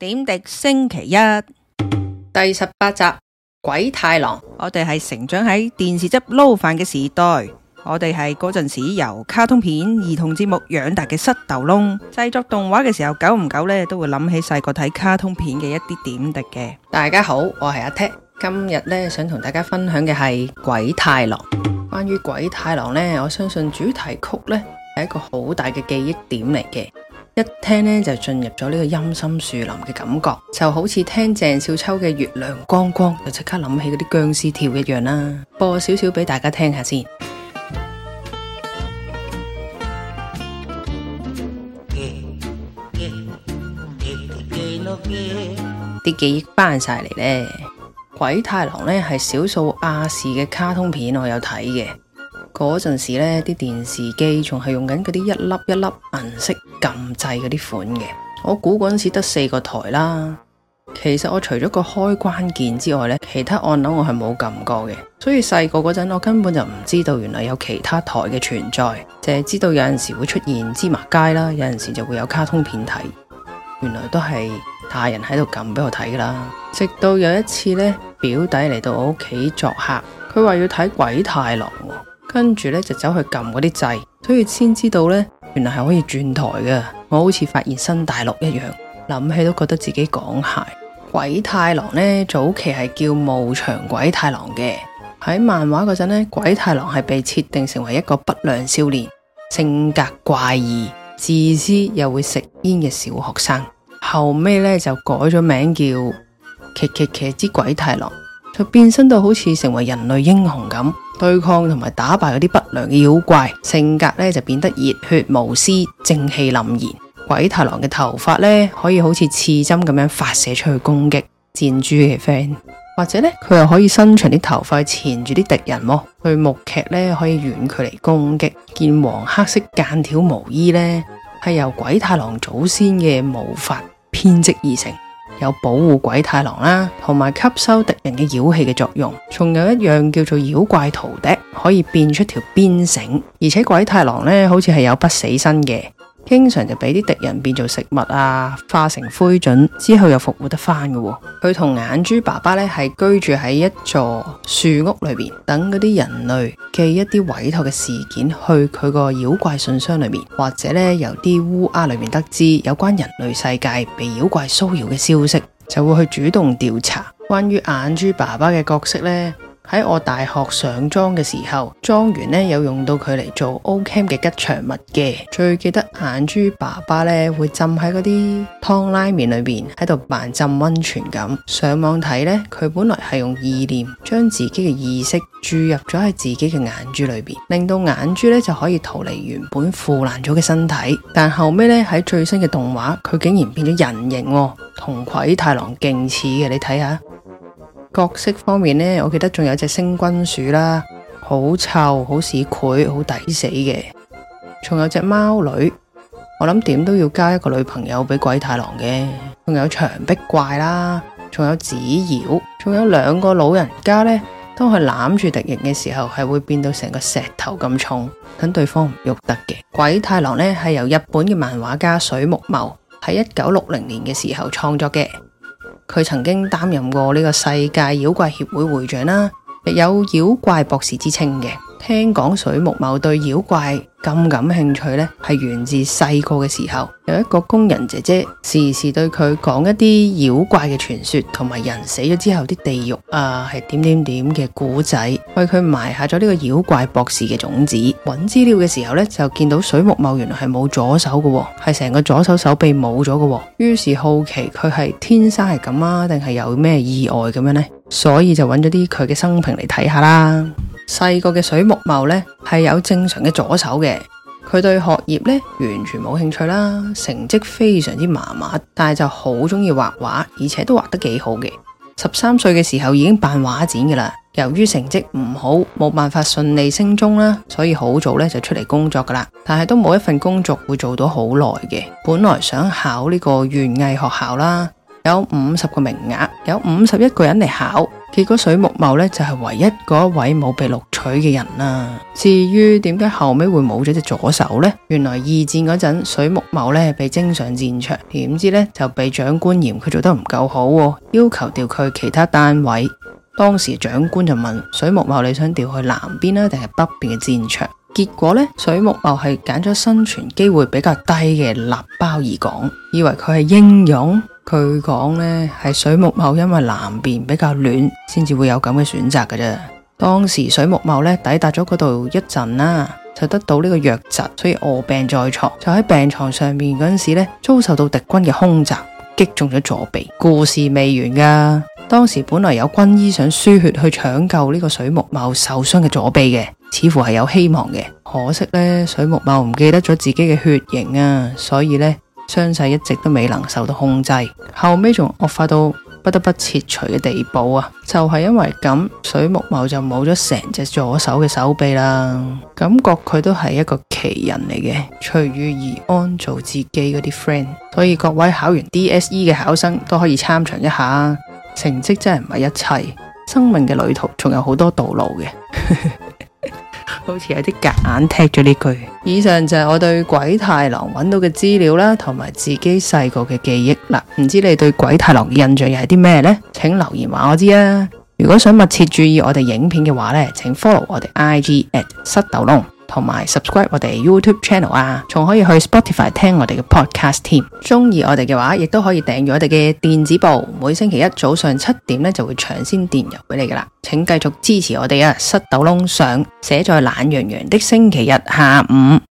點滴星期一第十八集《鬼太郎》，我哋係成長喺電視汁撈飯嘅時代，我哋係嗰陣時由卡通片、兒童節目養大嘅膝頭窿。製作動畫嘅時候，久唔久咧都會諗起細個睇卡通片嘅一啲點滴嘅。大家好，我係阿踢，今日咧想同大家分享嘅係《鬼太郎》。關於《鬼太郎》咧，我相信主題曲咧係一個好大嘅記憶點嚟嘅。一聽呢，就進入咗呢個陰森樹林嘅感覺，就好似聽鄭少秋嘅月亮光光，就即刻諗起嗰啲僵屍跳一樣啦。播少少俾大家聽下先。啲記憶翻晒嚟，呢，鬼太郎呢，係少數亞視嘅卡通片，我有睇嘅。嗰陣時呢，啲電視機仲係用緊嗰啲一粒一粒銀色撳掣嗰啲款嘅。我估嗰陣時得四個台啦。其實我除咗個開關鍵之外呢，其他按鈕我係冇撳過嘅。所以細個嗰陣我根本就唔知道原來有其他台嘅存在，淨係知道有陣時會出現芝麻街啦，有陣時就會有卡通片睇。原來都係大人喺度撳俾我睇噶啦。直到有一次呢，表弟嚟到我屋企作客，佢話要睇鬼太郎。跟住咧就走去撳嗰啲掣，所以先知道呢，原來係可以轉台嘅。我好似發現新大陸一樣，諗起都覺得自己港鞋。鬼太郎呢早期係叫墓場鬼太郎嘅，喺漫畫嗰陣呢，鬼太郎係被設定成為一個不良少年，性格怪異、自私又會食煙嘅小學生。後尾呢就改咗名叫《奇奇奇之鬼太郎》，就變身到好似成為人類英雄咁。對抗同埋打敗嗰啲不良嘅妖怪，性格咧就變得熱血無私、正氣凜然。鬼太郎嘅頭髮咧可以好似刺針咁樣發射出去攻擊箭豬嘅 friend，或者咧佢又可以伸長啲頭髮纏住啲敵人，去木屐咧可以遠距離攻擊。件黃黑色間條毛衣咧係由鬼太郎祖先嘅毛髮編織而成。有保護鬼太郎啦，同埋吸收敵人嘅妖氣嘅作用。仲有一樣叫做妖怪陶笛，可以變出條鞭繩。而且鬼太郎呢好似係有不死身嘅。經常就俾啲敵人變做食物啊，化成灰燼之後又復活得翻嘅。佢同眼珠爸爸呢係居住喺一座樹屋裏面，等嗰啲人類寄一啲委託嘅事件去佢個妖怪信箱裏面，或者呢由啲烏鴉裏面得知有關人類世界被妖怪騷擾嘅消息，就會去主動調查。關於眼珠爸爸嘅角色呢。喺我大學上莊嘅時候，莊員咧有用到佢嚟做 O Camp 嘅吉祥物嘅。最記得眼珠爸爸呢會浸喺嗰啲湯拉麵裏面，喺度扮浸溫泉咁。上網睇呢，佢本來係用意念將自己嘅意識注入咗喺自己嘅眼珠裏面，令到眼珠呢就可以逃離原本腐爛咗嘅身體。但後尾呢，喺最新嘅動畫，佢竟然變咗人形，哦，同鬼太郎勁似嘅，你睇下。角色方面呢，我記得仲有隻星君鼠啦，好臭，好市儈，好抵死嘅；仲有隻貓女，我諗點都要加一個女朋友俾鬼太郎嘅；仲有牆壁怪啦，仲有紙妖，仲有兩個老人家呢。當佢攬住敵人嘅時候，係會變到成個石頭咁重，等對方唔郁得嘅。鬼太郎呢，係由日本嘅漫畫家水木茂喺一九六零年嘅時候創作嘅。佢曾經擔任過呢個世界妖怪協會會長啦，亦有妖怪博士之稱嘅。聽講水木茂對妖怪咁感興趣呢係源自細個嘅時候，有一個工人姐姐時時對佢講一啲妖怪嘅傳說，同埋人死咗之後啲地獄啊，係點點點嘅古仔，為佢埋下咗呢個妖怪博士嘅種子。揾資料嘅時候呢，就見到水木茂原來係冇左手嘅，係成個左手手臂冇咗嘅。於是好奇佢係天生係咁啊，定係有咩意外咁樣呢？所以就揾咗啲佢嘅生平嚟睇下啦。細個嘅水木茂咧，係有正常嘅左手嘅，佢對學業咧，完全冇興趣啦，成績非常之麻麻，但係就好中意畫畫，而且都畫得幾好嘅。十三歲嘅時候已經辦畫展噶啦。由於成績唔好，冇辦法順利升中啦，所以好早咧就出嚟工作噶啦。但係都冇一份工作會做到好耐嘅。本來想考呢個園藝學校啦，有五十個名額，有五十一個人嚟考。結果水木茂呢就係唯一嗰一位冇被錄取嘅人啦。至於點解後尾會冇咗隻左手呢？原來二戰嗰陣水木茂呢被徵上戰場，點知呢就被長官嫌佢做得唔夠好，要求調去其他單位。當時長官就問水木茂：你想調去南邊啊，定係北邊嘅戰場？結果呢，水木茂係揀咗生存機會比較低嘅臘包爾港，以為佢係英勇。佢講咧，係水木茂因為南邊比較暖，先至會有咁嘅選擇噶啫。當時水木茂咧抵達咗嗰度一陣啦，就得到呢個瘧疾，所以臥病在床。就喺病床上面嗰陣時呢，遭受到敵軍嘅空襲，擊中咗左臂。故事未完噶，當時本來有軍醫想輸血去搶救呢個水木茂受傷嘅左臂嘅，似乎係有希望嘅。可惜呢，水木茂唔記得咗自己嘅血型啊，所以呢。傷勢一直都未能受到控制，後尾仲惡化到不得不切除嘅地步啊！就係因為咁，水木茂就冇咗成隻左手嘅手臂啦。感覺佢都係一個奇人嚟嘅，隨遇而安做自己嗰啲 friend。所以各位考完 DSE 嘅考生都可以參詳一下，成績真係唔係一切，生命嘅旅途仲有好多道路嘅。 好似有啲夾硬踢咗呢句。以上就係我對鬼太郎揾到嘅資料啦，同埋自己細個嘅記憶啦。唔知你對鬼太郎嘅印象又係啲咩呢？請留言話我知啊！如果想密切注意我哋影片嘅話呢，請 follow 我哋 IG at 塞豆窿。同埋 subscribe 我哋 YouTube channel 啊，仲可以去 Spotify 聽我哋嘅 podcast 添。中意我哋嘅話，亦都可以訂閱我哋嘅電子報，每星期一早上七點咧就會搶先電郵俾你噶啦。請繼續支持我哋啊！塞豆窿上寫在懶洋洋的星期日下午。